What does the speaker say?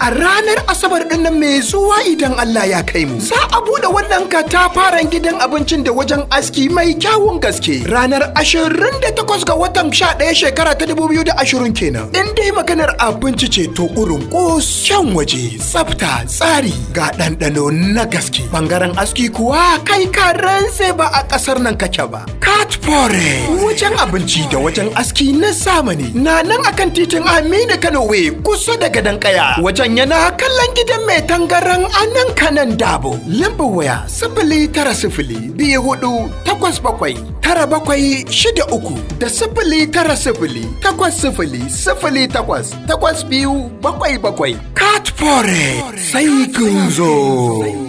A ranar Asabar ɗin nan mai zuwa idan Allah ya kai mu. Za a buɗe wannan katafaren gidan abincin da wajen aski mai kyawun gaske. Ranar ashirin da takwas ga watan sha ɗaya shekara ta dubu biyu da ashirin kenan in dai maganar abinci ce to urin ko shan waje tsafta tsari ga ɗanɗano na gaske bangaren aski kuwa kai ka rantse ba a ƙasar nan kake ba cat wajen abinci da wajen aski na zamani na nan akan titin aminu Kano we kusa da gadon kaya wajen yana kallon gidan mai tangaran a anan kanan dabo lambar waya sifili tara sifili biyu hudu takwas bakwai tara bakwai shida uku da sifili tara sifili takwas sifili sifili takwas takwas biyu bakwai bakwai cat forex sai kun zo.